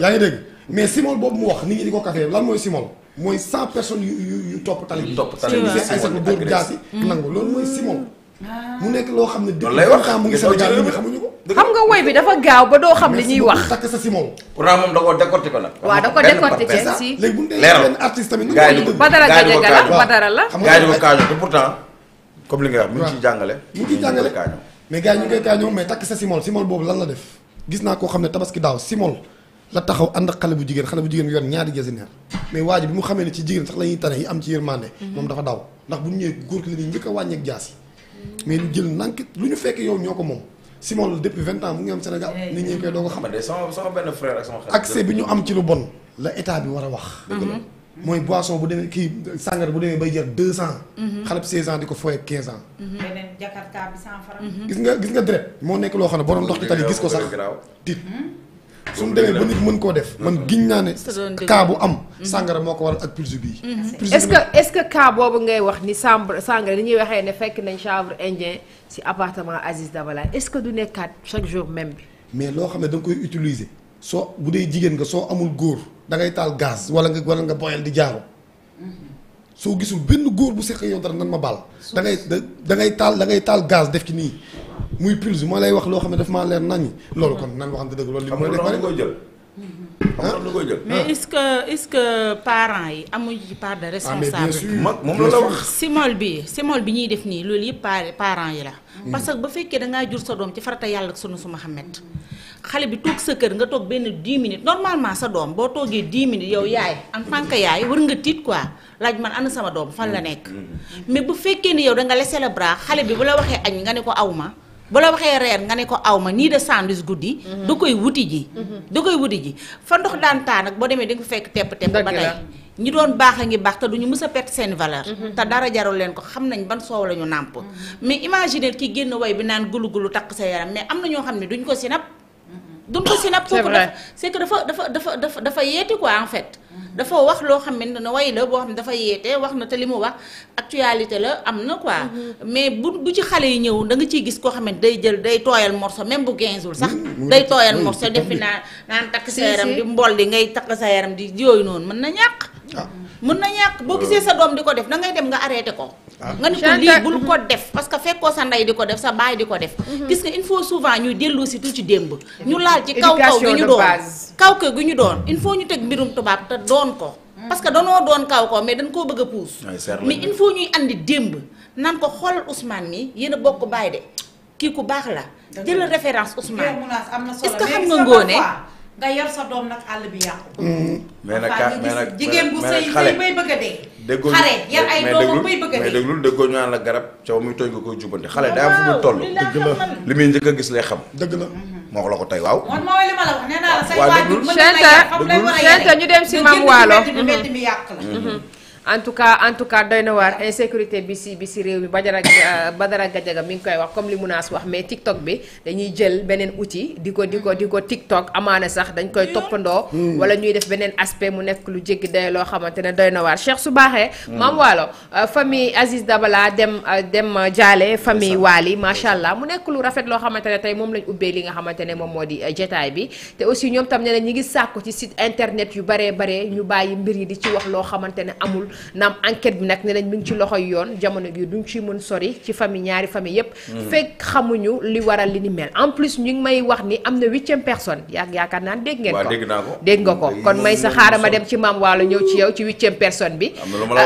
yaa ngi dégg mais simol boobu mu wax nit ñi di ko café lan mooy simol mooy cent personnes yu topp tali bi topp tali mm. ah. nekk loo xam ne lay wax wax takk sa simol pourtant moom da koo décortiqué ko nag waaw wax mu ngi ciy jàngale mu ngi ciy jàngale mais gaa sa simol simol boobu lan la def gis naa koo xam ne tabaski daaw simol la taxaw ànd ak xale bu jigéen xale bu jigéen yor ñaari jasineer mais waa ji bi mu xamee ne ci jigéen sax la ñuy tane yi am ci yërmande moom dafa daw ndax bu ñu ñëwee góor ki la ñuy njëkk a wàññeek jaas yi mais ñu jël nank lu ñu fekk yow ñoo ko moom Simon depuis vingt ans mu ngi am Sénégal eh, nit ñi koy doog a xam ak sama bi ñu am ci lu bon la état bi a mm-hmm. bu demee kii sàngara bu demee bay jar deux cent mm-hmm. xale bu seize ans di ko fooye quinze ans mm-hmm. gis nga gis nga deret moo nekk loo xam ne borom ndox di tali gis ko sax tiit su mu demee ba nit mën koo def man giñ naa ne cas bu am mhm. sàngara moo ko waral ak pulsu bii mhm. est-ce que est-ce que cas boobu ngay wax ni chambre sàngara ni ñuy waxee ne fekk nañ chanvre indien si appartement Aziz Dabala est-ce que du nekkaat chaque jour même bi mais loo xam ne danga nga koy utiliser soo bu dee jigéen nga soo amul góor dangay taal gaz wala nga wala nga boyal di jaaro mhm. soo gisul benn góor bu seq yow dara nan ma baal da ngay da ngay taal da ngay taal gaz def ci nii muy pulse moo lay wax loo xam ne daf maa leer naññi. loolu kon nan waxante dëgg loolu. li mu la que est-ce que parents yi amuñu ci part de ah, responsabilité. moom la la wax. simol bi bi ñuy def nii loolu yëpp parents yi la. Hmm. parce que ba fekkee da ngaa jur sa doom ci farata yàlla ak sunu su Muhammad xale bi toog sa kër nga toog benn 10 minutes normalement sa doom boo toogee 10 minutes yow yaay en tant que yaay war nga tiit quoi laaj man ana sama doom fan la hmm. nekk. Hmm. mais bu fekkee ni yow da nga laisser xale bi bu la waxee añ nga ne ko awma bu la waxee reer nga ne ko aw ma nii de sandwich guddi. Mhm. da koy wuti ji. Mhm. da koy wuti ji fa ndox daan taa nag boo demee di nga ko fekk tepp tepp. ba tey ñi doon baax a ngi baax te du ñu mës a perte seen valeur. Mhm. te dara jarul leen ko xam nañ ban soow la ñu nàmp. mais imaginer ki génn way bi naan gulu gulu takk sa yaram mais am na ñoo xam ne duñ ko si sinap. donc Sénap kooku dafa c'est que dafa dafa dafa dafa dafa yeete quoi en fait dafa wax loo xam ne na way la boo xam ne dafa yeete wax na te li mu wax actualité la am na quoi mm-hmm. mais bu bu ci xale yi ñëw da nga ciy gis koo xam ne day jël day tooyal morceau même bu genzul sax mm-hmm. day tooyal morceau defi naa naan takk sa yaram di mbool di ngay takk sa yaram di yooyu noonu mën na ñàkk ah. boo gisee sa doom di ko def da ngay dem nga arrêté ko ah. nga ni ko lii bul ko def parce que fekkoo sa ndey di ko def sa baay di ko def mhm. gis nga il faut souvent ñuy delloo si tuuti démb ñu laal ci kaw kaw gi ñu doon kaw kaw gi ñu doon il faut ñu teg mbirum tubaab te doon ko mhm. parce que danoo doon kaw ko mais dañ koo bëgg a puus mais il ñuy andi démb nan ko xoolal Ousmane mi yéen a bokk baay de kii ku baax la jëlal référence Ousmane est-ce que xam nga ngóone nga yor sa doom nag àll bi yàqu. Mm. mais nag ka mais nag jigéen bu sëy sëy bay bëgg a dee. déggoo xale yar ay doomam bay bëgg a dee mais déglul déggoo ñu naan la garab caw muy tooy nga koy jubante xale daa fu mu toll. dëgg la li muy njëkk a gis lay xam. dëgg la ma mm-hmm. la ko tey waaw. man ma woy li ma la wax ñu dem si maam waalo. en tout cas en tout cas doy na waar insécurité bi si bi si réew mi Badara euh, Badara Gadiaga mi ngi koy wax comme li Mounass wax mais TikTok bi dañuy jël beneen outil di ko di ko di ko TikTok amaana sax dañ koy toppandoo. Hmm. wala ñuy def beneen aspect mu nekk lu jéggi day loo xamante ne doy na waar Cheikh su baaxee. Hmm. maam waalo euh, famille Aziz Dabala dem euh, dem jaale famille Waly macha allah mu nekk lu rafet loo xamante ne tey moom lañ ubbee li nga xamante ne moom moo di jetaay bi te aussi ñoom tam ne ñi ngi sàkku ci site internet yu baree ñu bàyyi mbir yi di ci wax loo xamante ne amul. naam enquête bi nag ne nañ mi ngi ci loxoy yoon jamono gi duñ ci mën sori ci famille ñaari famille yépp mm-hmm. fekk xamuñu li waral li ni mel en plus ñu ngi may wax ni am na huitième personne yaa yaakaar naan dégg ngeen ko dégg nga ko kon may sa ma dem ci maam waalo ñëw ci yow ci huitième person bi am na lu ma la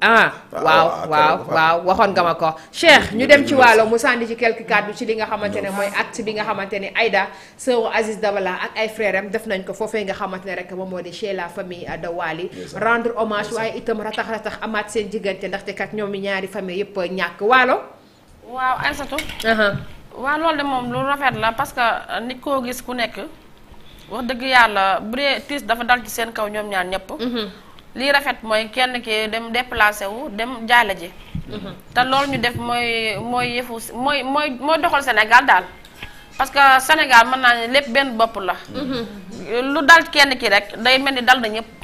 ah, waxoon ah, ah, waaw waaw waxoon nga ma ko Cheikh ñu dem ci waalo mu sànni ci quelques kàddu ci li nga xamante ne mooy acte bi nga xamante ne Aïda sœur Aziz Dabala ak ay frère def nañ ko foofee nga xamante ne rek moom moo di chez la famille de Wali ratax ratax amaat seen diggante ndaxte kat ñoom ñaari famille yëpp ñàkk waalo. waaw Aïssatou. waaw loolu de moom lu rafet la parce que nit koo gis ku nekk wax dëgg yàlla bu dee tiis dafa dal ci seen kaw ñoom ñaan ñëpp. Mhm. lii rafet mooy kenn ki dem déplacé wu dem jaale ji. Mhm. te loolu ñu def mooy mooy yëfu mooy mooy mooy doxal Sénégal daal. parce que Sénégal mën naa ne lépp benn bopp la. Mhm. lu dal kenn ki rek day mel ni dal na ñëpp.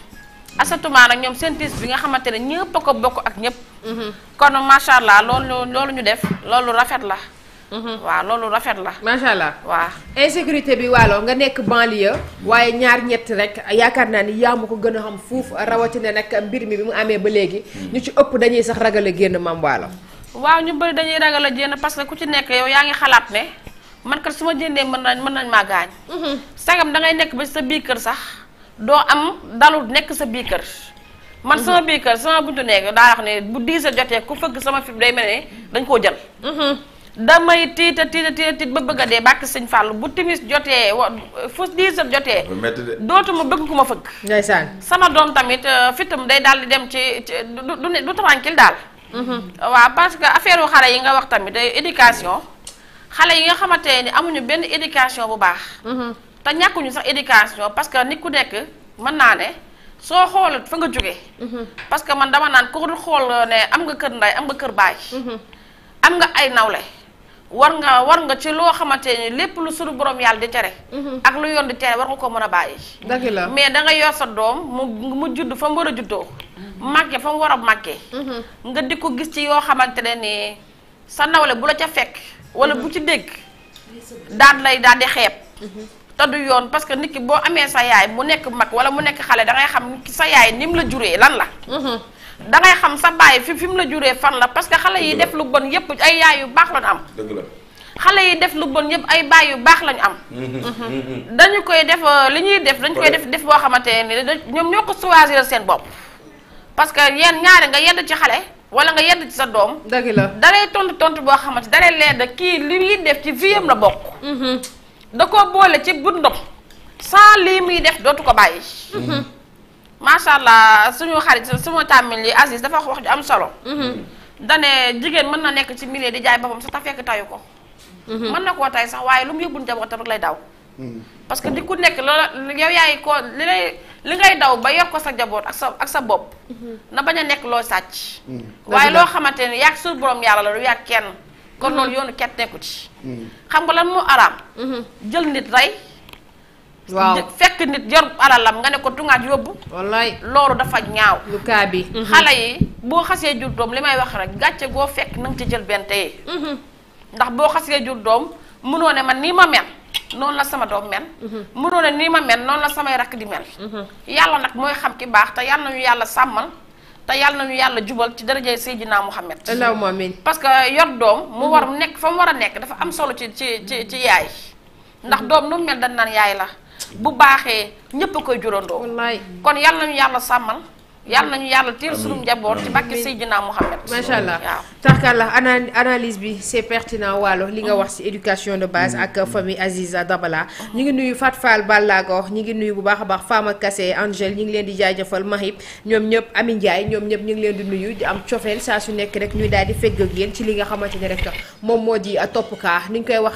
asatuma nag ñoom seen tiis bi nga xamante ne ñëpp a ko bokk ak ñëpp. Mhm. kon macha allah loolu loolu ñu def loolu rafet la. Mhm. waaw loolu rafet la. macha allah waaw. insécurité bi waalo nga nekk banlieue waaye ñaar ñett rek yaakaar naa ni yaa ma ko gën a xam fuuf rawatina nag mbir mi bi mu amee ba léegi. ñu ci ëpp dañuy sax ragal a génn mam waalo. waaw ñu bëri dañuy ragal a génn parce que ku ci nekk yow yaa ngi xalaat ne man kat su ma jëndee mën nañ mën nañ maa gaañ. Mhm. sagam dangay nekk ba sa biir kër sax. doo am dalu nekk sa bii kër man sama biir kër sama buntu nekk daa wax ne bu diis a jotee ku fëgg sama fi day mel ne dañ koo jël mm-hmm. damay tiita tiita tiita tiit ba bëgg dee bàkk sëñ fàll bu timis jotee wa fu diis a jotee dootuma bëgg ku ma fëgg ndeysaan sama doom tamit euh, fitam day daal di dem ci du du tranquille daal mm-hmm. waaw parce que affaire u xale yi nga wax tamit day éducation xale yi nga xamante ni amuñu benn éducation bu baax mm-hmm. te ñàkkuñu sax éducation parce que nit ku nekk mën naa ne soo xoolat fa nga jóge mhm. parce que man dama naan ko dul xool ne am nga kër nday am nga kër baay. Mhm. am nga ay nawle war nga war nga ci loo xamante ni lépp lu sunu borom yàlla di tere. Mhm. ak lu yoon di tere war nga ko mën a bàyyi. dëgg la mais da yor sa doom mu mu judd fa mu war a juddoo. màggee fa mu war a màggee. nga di ko gis ci yoo xamante ne ni sa nawle bu la ca fekk. wala bu ci dégg. daan lay daal di xeeb. te du yoon parce que nit ki boo amee sa yaay mu nekk mag wala mu nekk xale dangay xam sa yaay ni mu la juree lan la. Mm-hmm. dangay xam sa baay fi fi mu la juree fan la parce que xale yi def lu bon yépp ay yaay yu baax lañu am. dëgg la. xale yi def lu bon yëpp ay baay yu baax lañu am. Mm-hmm. Mm-hmm. dañu koy def euh, li ñuy def dañ koy def def boo xamante ne ñoom ñoo ko choisir seen bopp. parce que yenn ñaari nga yedd ci xale wala nga yedd ci sa doom. dëgg la da lay tontu tontu boo xamante da lay leer kii li ñuy def ci vie am la bokk. da ko boole ci bundum saa lii muy def dootu ko bàyyi. Mhm. macha allah suñu xarit suma tàmmil yi Aziz dafa wax ju am solo. Mhm. dane jigéen mën na nekk ci milieu di jaay boppam sax ta fekk tayu ko. Mhm. mën na koo tay sax waaye lu mu yóbbu njabootam rek lay daw. parce que di ku nekk loola yow yaay koo li lay li ngay daw ba yor ko sa jaboot ak sa ak sa bopp. na bañ a nekk loo sàcc. waaye loo xamante ni yàgg suñu borom yàlla la du yàgg kenn. kon loolu yoonu ket nekku ci. Hmm. xam nga lan moo araam. Hmm. jël nit rey. waaw fekk nit yor alalam nga ne ko tungaat yóbbu. loolu dafa ñaaw. bi. Hmm. xale yi boo xasee jur doom li may wax rek gàcce goo fekk na ca jël benn teye. ndax boo xasee jur doom mënoo ne man nii ma mel noonu la sama doom mel. mënoo ne nii ma mel noonu la samay rakk di mel. yàlla nag mooy xam ki baax te yàlla nañu yàlla sàmmal. te yàlla nañu yàlla jubal ci darajay Seydina Muhammad allahumma amin parce que yor doom mu war mm-hmm. nekk fa mu war a nekk dafa am solo ci ci ci ci yaay ndax mm-hmm. doom nu mel dañ naan yaay la bu baaxee ñépp koy jurandoo kon yàlla na nañu yàlla sàmmal yàlla nañu yàlla teel sunu njaboot ci bàkki Seydina Mouhamed. macha allah tarkalla analyse bi c' est pertinent waalo li nga wax ci éducation de base ak mm. famille Aziza Dabala. ñu ngi nuyu Fat Fall Ballago ñu ngi nuyu bu baax a baax Fama Kassé Angèle ñu ngi leen di jaajëfal Mahib ñoom ñëpp Ami Ndiaye ñoom ñëpp ñu ngi leen di nuyu am cofeel saa su nekk rek ñuy daal di fegg ak yéen ci li nga xamante ne rek moom moo di topp kaa ni ñu koy wax